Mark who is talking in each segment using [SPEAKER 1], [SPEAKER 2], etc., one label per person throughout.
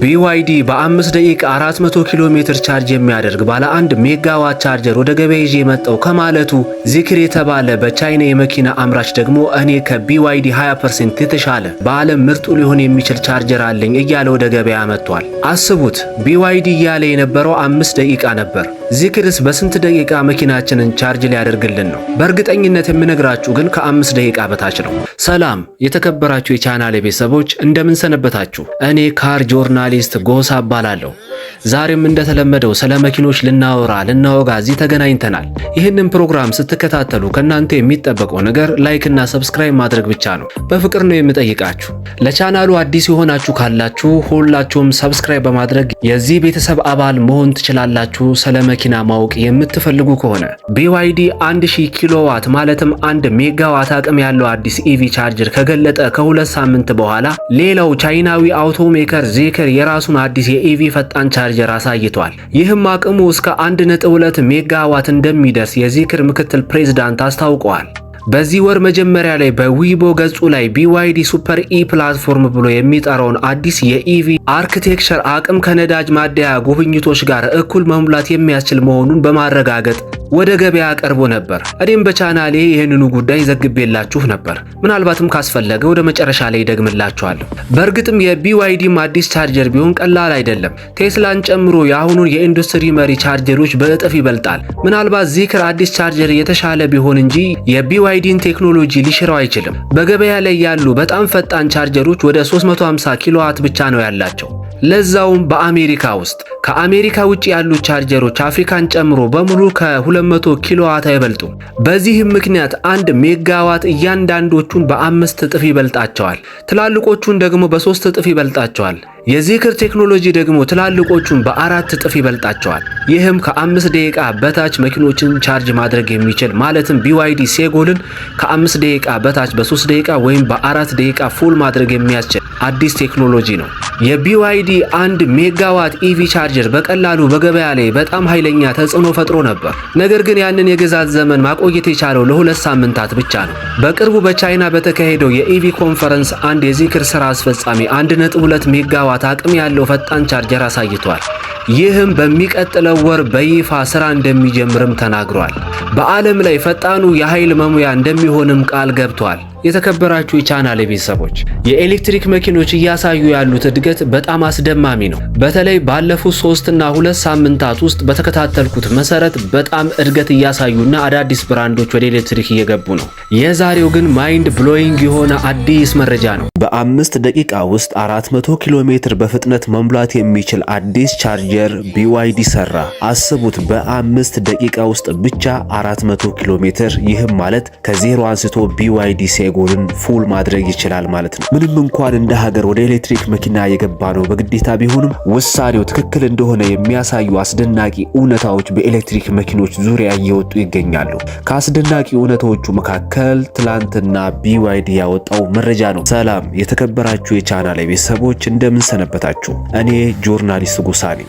[SPEAKER 1] ቢዋይዲ በአምስት ደቂቃ 400 ኪሎ ሜትር ቻርጅ የሚያደርግ ባለ አንድ ሜጋዋት ቻርጀር ወደ ገበያ ይዤ መጣው ከማለቱ ዚክር የተባለ በቻይና የመኪና አምራች ደግሞ እኔ ከቢዋይዲ 20% የተሻለ በዓለም ምርጡ ሊሆን የሚችል ቻርጀር አለኝ እያለ ወደ ገበያ መጥቷል። አስቡት ቢዋይዲ እያለ የነበረው አምስት ደቂቃ ነበር። ዚክርስ በስንት ደቂቃ መኪናችንን ቻርጅ ሊያደርግልን ነው? በእርግጠኝነት የምነግራችሁ ግን ከአምስት ደቂቃ በታች ነው። ሰላም የተከበራችሁ የቻናል ቤተሰቦች እንደምንሰነበታችሁ። እኔ ካር ጆርናሊስት ጎሳ እባላለሁ። ዛሬም እንደተለመደው ስለ መኪኖች ልናወራ ልናወጋ እዚህ ተገናኝተናል። ይህንን ፕሮግራም ስትከታተሉ ከእናንተ የሚጠበቀው ነገር ላይክና ሰብስክራይብ ማድረግ ብቻ ነው። በፍቅር ነው የምጠይቃችሁ። ለቻናሉ አዲስ የሆናችሁ ካላችሁ ሁላችሁም ሰብስክራይብ በማድረግ የዚህ ቤተሰብ አባል መሆን ትችላላችሁ። ስለ መኪና ማወቅ የምትፈልጉ ከሆነ BYD 1000 ኪሎዋት ማለትም 1 ሜጋዋት አቅም ያለው አዲስ ኢቪ e ቻርጀር ከገለጠ ከሁለት ሳምንት በኋላ ሌላው ቻይናዊ አውቶሜከር ዜከር የራሱን አዲስ የኢቪ ፈጣን ቻርጀር አሳይቷል። ይህም አቅሙ እስከ 1.2 ሜጋዋት እንደሚደርስ የዜከር ምክትል ፕሬዝዳንት አስታውቀዋል። በዚህ ወር መጀመሪያ ላይ በዊቦ ገጹ ላይ ቢዋይዲ ሱፐር ኢ ፕላትፎርም ብሎ የሚጠራውን አዲስ የኢቪ አርክቴክቸር አቅም ከነዳጅ ማደያ ጉብኝቶች ጋር እኩል መሙላት የሚያስችል መሆኑን በማረጋገጥ ወደ ገበያ ቀርቦ ነበር። እኔም በቻናሌ ይህንኑ ጉዳይ ዘግቤላችሁ ነበር። ምናልባትም ካስፈለገ ወደ መጨረሻ ላይ ደግምላችኋለሁ። በእርግጥም የቢዋይዲም አዲስ ቻርጀር ቢሆን ቀላል አይደለም። ቴስላን ጨምሮ የአሁኑን የኢንዱስትሪ መሪ ቻርጀሮች በእጥፍ ይበልጣል። ምናልባት ዚክር አዲስ ቻርጀር የተሻለ ቢሆን እንጂ የቢዋይዲን ቴክኖሎጂ ሊሽረው አይችልም። በገበያ ላይ ያሉ በጣም ፈጣን ቻርጀሮች ወደ 350 ኪሎዋት ብቻ ነው ያላቸው። ለዛውም በአሜሪካ ውስጥ ከአሜሪካ ውጭ ያሉ ቻርጀሮች አፍሪካን ጨምሮ በሙሉ ከ200 ኪሎዋት አይበልጡ። በዚህም ምክንያት አንድ ሜጋዋት እያንዳንዶቹን በአምስት እጥፍ ይበልጣቸዋል። ትላልቆቹን ደግሞ በሶስት እጥፍ ይበልጣቸዋል። የዚክር ቴክኖሎጂ ደግሞ ትላልቆቹን በአራት እጥፍ ይበልጣቸዋል። ይህም ከአምስት ደቂቃ በታች መኪኖችን ቻርጅ ማድረግ የሚችል ማለትም ቢዋይዲ ሴጎልን ከአምስት ደቂቃ በታች በሶስት ደቂቃ ወይም በአራት ደቂቃ ፉል ማድረግ የሚያስችል አዲስ ቴክኖሎጂ ነው። የቢዋይዲ አንድ ሜጋዋት ኢቪ ቻርጀር በቀላሉ በገበያ ላይ በጣም ኃይለኛ ተጽዕኖ ፈጥሮ ነበር። ነገር ግን ያንን የግዛት ዘመን ማቆየት የቻለው ለሁለት ሳምንታት ብቻ ነው። በቅርቡ በቻይና በተካሄደው የኢቪ ኮንፈረንስ አንድ የዚክር ስራ አስፈጻሚ 1.2 ሜጋዋት ዋት አቅም ያለው ፈጣን ቻርጀር አሳይቷል። ይህም በሚቀጥለው ወር በይፋ ስራ እንደሚጀምርም ተናግሯል። በዓለም ላይ ፈጣኑ የኃይል መሙያ እንደሚሆንም ቃል ገብቷል። የተከበራችሁ የቻናሌ ቤተሰቦች የኤሌክትሪክ መኪኖች እያሳዩ ያሉት እድገት በጣም አስደማሚ ነው። በተለይ ባለፉት ሶስትና ሁለት ሳምንታት ውስጥ በተከታተልኩት መሰረት በጣም እድገት እያሳዩና አዳዲስ ብራንዶች ወደ ኤሌክትሪክ እየገቡ ነው። የዛሬው ግን ማይንድ ብሎይንግ የሆነ አዲስ መረጃ ነው።
[SPEAKER 2] በአምስት ደቂቃ ውስጥ 400 ኪሎ ሜትር በፍጥነት መሙላት የሚችል አዲስ ቻርጅ ቻርጀር ቢዋይዲ ሰራ። አስቡት በአምስት ደቂቃ ውስጥ ብቻ 400 ኪሎ ሜትር። ይህም ማለት ከዜሮ አንስቶ ቢዋይዲ ሴጎልን ፉል ማድረግ ይችላል ማለት ነው። ምንም እንኳን እንደ ሀገር ወደ ኤሌክትሪክ መኪና የገባ ነው በግዴታ ቢሆንም ውሳኔው ትክክል እንደሆነ የሚያሳዩ አስደናቂ እውነታዎች በኤሌክትሪክ መኪኖች ዙሪያ እየወጡ ይገኛሉ። ከአስደናቂ እውነታዎቹ መካከል ትላንትና ቢዋይዲ ያወጣው መረጃ ነው። ሰላም የተከበራችሁ የቻናል ቤተሰቦች እንደምን ሰነበታችሁ? እኔ ጆርናሊስት ጉሳ ነኝ።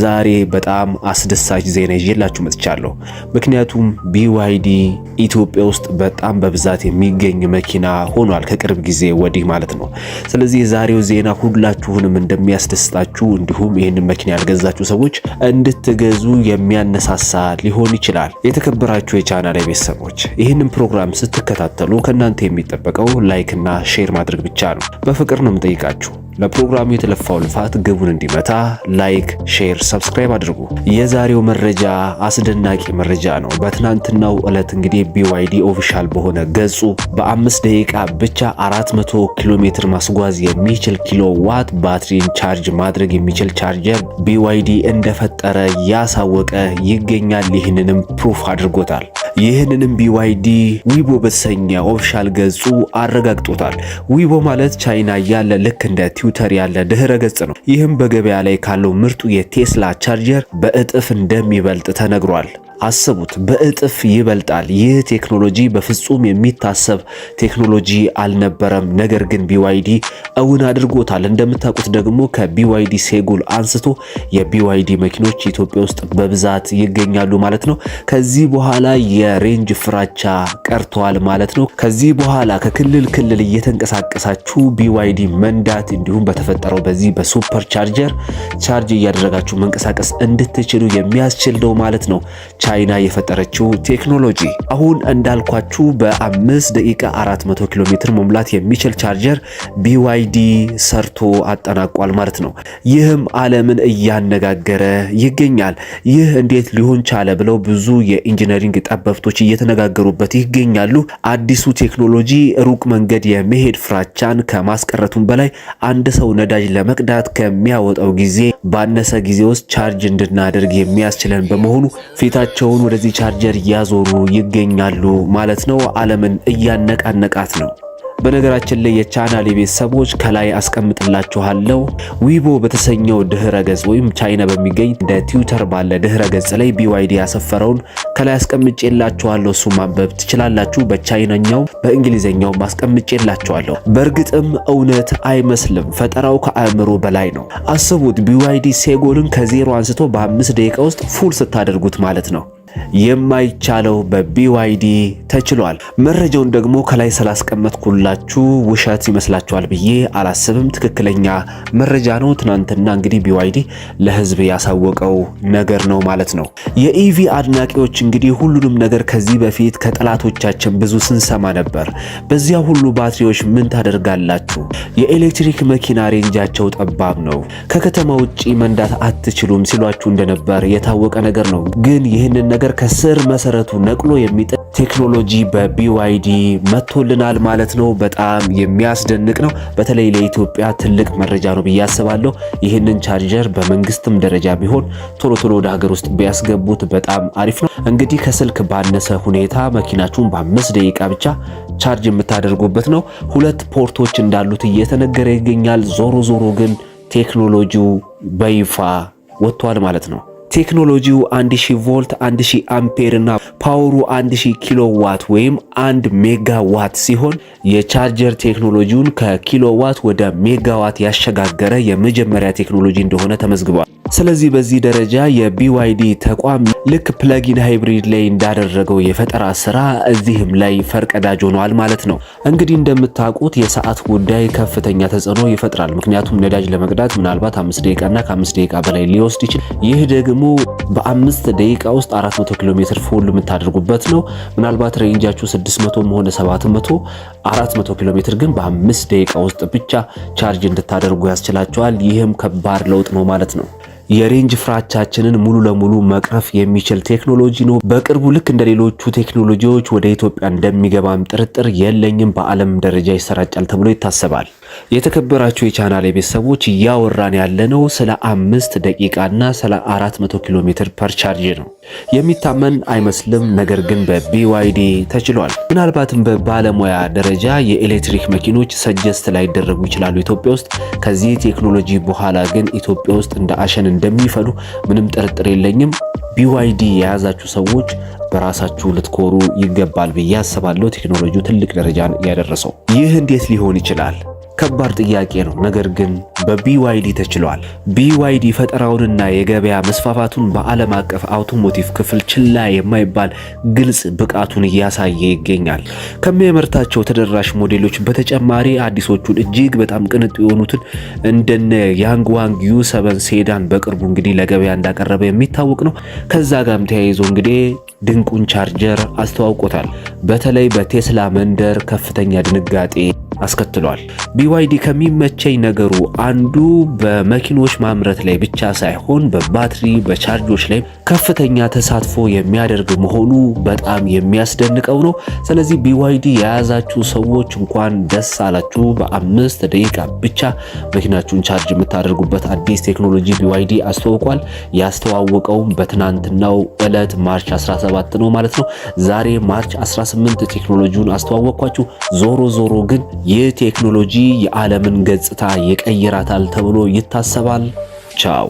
[SPEAKER 2] ዛሬ በጣም አስደሳች ዜና ይዤላችሁ መጥቻለሁ። ምክንያቱም ቢዋይዲ ኢትዮጵያ ውስጥ በጣም በብዛት የሚገኝ መኪና ሆኗል ከቅርብ ጊዜ ወዲህ ማለት ነው። ስለዚህ የዛሬው ዜና ሁላችሁንም እንደሚያስደስታችሁ እንዲሁም ይህንን መኪና ያልገዛችሁ ሰዎች እንድትገዙ የሚያነሳሳ ሊሆን ይችላል። የተከበራችሁ የቻናል ቤተሰቦች ይህንን ፕሮግራም ስትከታተሉ ከእናንተ የሚጠበቀው ላይክና ሼር ማድረግ ብቻ ነው። በፍቅር ነው የምጠይቃችሁ። ለፕሮግራሙ የተለፋው ልፋት ግቡን እንዲመታ ላይክ ሼር ሼር፣ ሰብስክራይብ አድርጉ። የዛሬው መረጃ አስደናቂ መረጃ ነው። በትናንትናው ዕለት እንግዲህ ቢዋይዲ ኦፊሻል በሆነ ገጹ በአምስት ደቂቃ ብቻ 400 ኪሎ ሜትር ማስጓዝ የሚችል ኪሎ ዋት ባትሪን ቻርጅ ማድረግ የሚችል ቻርጀር ቢዋይዲ እንደፈጠረ ያሳወቀ ይገኛል። ይህንንም ፕሩፍ አድርጎታል። ይህንንም ቢዋይዲ ዊቦ በተሰኘ ኦፊሻል ገጹ አረጋግጦታል። ዊቦ ማለት ቻይና ያለ ልክ እንደ ትዊተር ያለ ድህረ ገጽ ነው። ይህም በገበያ ላይ ካለው ምርጡ የቴስላ ቻርጀር በእጥፍ እንደሚበልጥ ተነግሯል። አስቡት፣ በእጥፍ ይበልጣል። ይህ ቴክኖሎጂ በፍጹም የሚታሰብ ቴክኖሎጂ አልነበረም። ነገር ግን ቢዋይዲ እውን አድርጎታል። እንደምታውቁት ደግሞ ከቢዋይዲ ሴጉል አንስቶ የቢዋይዲ መኪኖች ኢትዮጵያ ውስጥ በብዛት ይገኛሉ ማለት ነው። ከዚህ በኋላ የሬንጅ ፍራቻ ቀርተዋል ማለት ነው። ከዚህ በኋላ ከክልል ክልል እየተንቀሳቀሳችሁ ቢዋይዲ መንዳት እንዲሁም በተፈጠረው በዚህ በሱፐር ቻርጀር ቻርጅ እያደረጋችሁ መንቀሳቀስ እንድትችሉ የሚያስችል ነው ማለት ነው። ቻይና የፈጠረችው ቴክኖሎጂ አሁን እንዳልኳችሁ በ5 ደቂቃ 400 ኪሎ ሜትር መሙላት የሚችል ቻርጀር ቢዋይዲ ሰርቶ አጠናቋል ማለት ነው። ይህም ዓለምን እያነጋገረ ይገኛል። ይህ እንዴት ሊሆን ቻለ ብለው ብዙ የኢንጂነሪንግ ጠበብቶች እየተነጋገሩበት ይገኛሉ። አዲሱ ቴክኖሎጂ ሩቅ መንገድ የመሄድ ፍራቻን ከማስቀረቱም በላይ አንድ ሰው ነዳጅ ለመቅዳት ከሚያወጣው ጊዜ ባነሰ ጊዜ ውስጥ ቻርጅ እንድናደርግ የሚያስችለን በመሆኑ ፊታችን ፊታቸውን ወደዚህ ቻርጀር እያዞሩ ይገኛሉ ማለት ነው። ዓለምን እያነቃነቃት ነው። በነገራችን ላይ የቻናል የቤተሰቦች ከላይ አስቀምጥላችኋለሁ። ዊቦ በተሰኘው ድህረ ገጽ ወይም ቻይና በሚገኝ እንደ ትዊተር ባለ ድህረ ገጽ ላይ ቢዋይዲ ያሰፈረውን ከላይ አስቀምጬላችኋለሁ። እሱ ማንበብ ትችላላችሁ። በቻይነኛው በእንግሊዝኛው አስቀምጬላችኋለሁ። በእርግጥም እውነት አይመስልም። ፈጠራው ከአእምሮ በላይ ነው። አስቡት ቢዋይዲ ሴጎልን ከዜሮ አንስቶ በአምስት ደቂቃ ውስጥ ፉል ስታደርጉት ማለት ነው። የማይቻለው በቢዋይዲ ተችሏል። መረጃውን ደግሞ ከላይ ስላስቀመጥኩላችሁ ውሸት ይመስላችኋል ብዬ አላስብም። ትክክለኛ መረጃ ነው። ትናንትና እንግዲህ ቢዋይዲ ለህዝብ ያሳወቀው ነገር ነው ማለት ነው። የኢቪ አድናቂዎች እንግዲህ ሁሉንም ነገር ከዚህ በፊት ከጠላቶቻችን ብዙ ስንሰማ ነበር። በዚያ ሁሉ ባትሪዎች ምን ታደርጋላችሁ? የኤሌክትሪክ መኪና ሬንጃቸው ጠባብ ነው፣ ከከተማ ውጪ መንዳት አትችሉም ሲሏችሁ እንደነበር የታወቀ ነገር ነው። ግን ይህንን ነገር ከስር መሰረቱ ነቅሎ የሚጥል ቴክኖሎጂ በቢዋይዲ መጥቶልናል ማለት ነው። በጣም የሚያስደንቅ ነው። በተለይ ለኢትዮጵያ ትልቅ መረጃ ነው ብዬ አስባለሁ። ይህንን ቻርጀር በመንግስትም ደረጃ ቢሆን ቶሎ ቶሎ ወደ ሀገር ውስጥ ቢያስገቡት በጣም አሪፍ ነው። እንግዲህ ከስልክ ባነሰ ሁኔታ መኪናችሁን በአምስት ደቂቃ ብቻ ቻርጅ የምታደርጉበት ነው። ሁለት ፖርቶች እንዳሉት እየተነገረ ይገኛል። ዞሮ ዞሮ ግን ቴክኖሎጂው በይፋ ወጥቷል ማለት ነው። ቴክኖሎጂው 1000 ቮልት 1000 አምፔር እና ፓወሩ 1000 ኪሎ ዋት ወይም 1 ሜጋ ዋት ሲሆን የቻርጀር ቴክኖሎጂውን ከኪሎ ዋት ወደ ሜጋ ዋት ያሸጋገረ የመጀመሪያ ቴክኖሎጂ እንደሆነ ተመዝግቧል። ስለዚህ በዚህ ደረጃ የቢዋይዲ ተቋም ልክ ፕለጊን ሃይብሪድ ላይ እንዳደረገው የፈጠራ ስራ እዚህም ላይ ፈርቀዳጅ ሆኗል ማለት ነው። እንግዲህ እንደምታውቁት የሰዓት ጉዳይ ከፍተኛ ተጽዕኖ ይፈጥራል። ምክንያቱም ነዳጅ ለመቅዳት ምናልባት አምስት ደቂቃና ከአምስት ደቂቃ በላይ ሊወስድ ይችላል። ይህ ደግሞ በአምስት ደቂቃ ውስጥ 400 ኪሎ ሜትር ፉል የምታደርጉበት ነው። ምናልባት ሬንጃችሁ 600 መሆነ 700 400 ኪሎ ሜትር ግን በአምስት ደቂቃ ውስጥ ብቻ ቻርጅ እንድታደርጉ ያስችላቸዋል። ይህም ከባድ ለውጥ ነው ማለት ነው። የሬንጅ ፍራቻችንን ሙሉ ለሙሉ መቅረፍ የሚችል ቴክኖሎጂ ነው። በቅርቡ ልክ እንደ ሌሎቹ ቴክኖሎጂዎች ወደ ኢትዮጵያ እንደሚገባም ጥርጥር የለኝም። በዓለም ደረጃ ይሰራጫል ተብሎ ይታሰባል። የተከበራችሁ የቻናል ቤተሰቦች እያወራን ያለነው ስለ አምስት ደቂቃና ስለ መቶ ኪሎ ሜትር ፐር ቻርጅ ነው። የሚታመን አይመስልም፣ ነገር ግን በቢዋይዲ ተችሏል። ምናልባትም በባለሙያ ደረጃ የኤሌክትሪክ መኪኖች ሰጀስት ላይደረጉ ይችላሉ ኢትዮጵያ ውስጥ። ከዚህ ቴክኖሎጂ በኋላ ግን ኢትዮጵያ ውስጥ እንደ አሸን እንደሚፈሉ ምንም ጥርጥር የለኝም። ቢዋይዲ የያዛችሁ ሰዎች በራሳችሁ ልትኮሩ ይገባል ብዬ አስባለሁ። ቴክኖሎጂው ትልቅ ደረጃን ያደረሰው ይህ እንዴት ሊሆን ይችላል? ከባድ ጥያቄ ነው። ነገር ግን በቢዋይዲ ተችሏል። ቢዋይዲ ፈጠራውንና የገበያ መስፋፋቱን በዓለም አቀፍ አውቶሞቲቭ ክፍል ችላ የማይባል ግልጽ ብቃቱን እያሳየ ይገኛል። ከሚያመርታቸው ተደራሽ ሞዴሎች በተጨማሪ አዲሶቹን እጅግ በጣም ቅንጡ የሆኑትን እንደነ ያንግ ዋንግ ዩ ሰቨን ሴዳን በቅርቡ እንግዲህ ለገበያ እንዳቀረበ የሚታወቅ ነው። ከዛ ጋርም ተያይዞ እንግዲህ ድንቁን ቻርጀር አስተዋውቆታል። በተለይ በቴስላ መንደር ከፍተኛ ድንጋጤ አስከትሏል። ቢዋይዲ ከሚመቸኝ ነገሩ አንዱ በመኪኖች ማምረት ላይ ብቻ ሳይሆን በባትሪ በቻርጆች ላይ ከፍተኛ ተሳትፎ የሚያደርግ መሆኑ በጣም የሚያስደንቀው ነው። ስለዚህ ቢዋይዲ የያዛችሁ ሰዎች እንኳን ደስ አላችሁ። በአምስት ደቂቃ ብቻ መኪናችሁን ቻርጅ የምታደርጉበት አዲስ ቴክኖሎጂ ቢዋይዲ አስተዋውቋል። ያስተዋወቀውም በትናንትናው ዕለት ማርች 17 ነው ማለት ነው። ዛሬ ማርች 18 ቴክኖሎጂውን አስተዋወቅኳችሁ። ዞሮ ዞሮ ግን ይህ ቴክኖሎጂ የዓለምን ገጽታ ይቀይራታል ተብሎ ይታሰባል። ቻው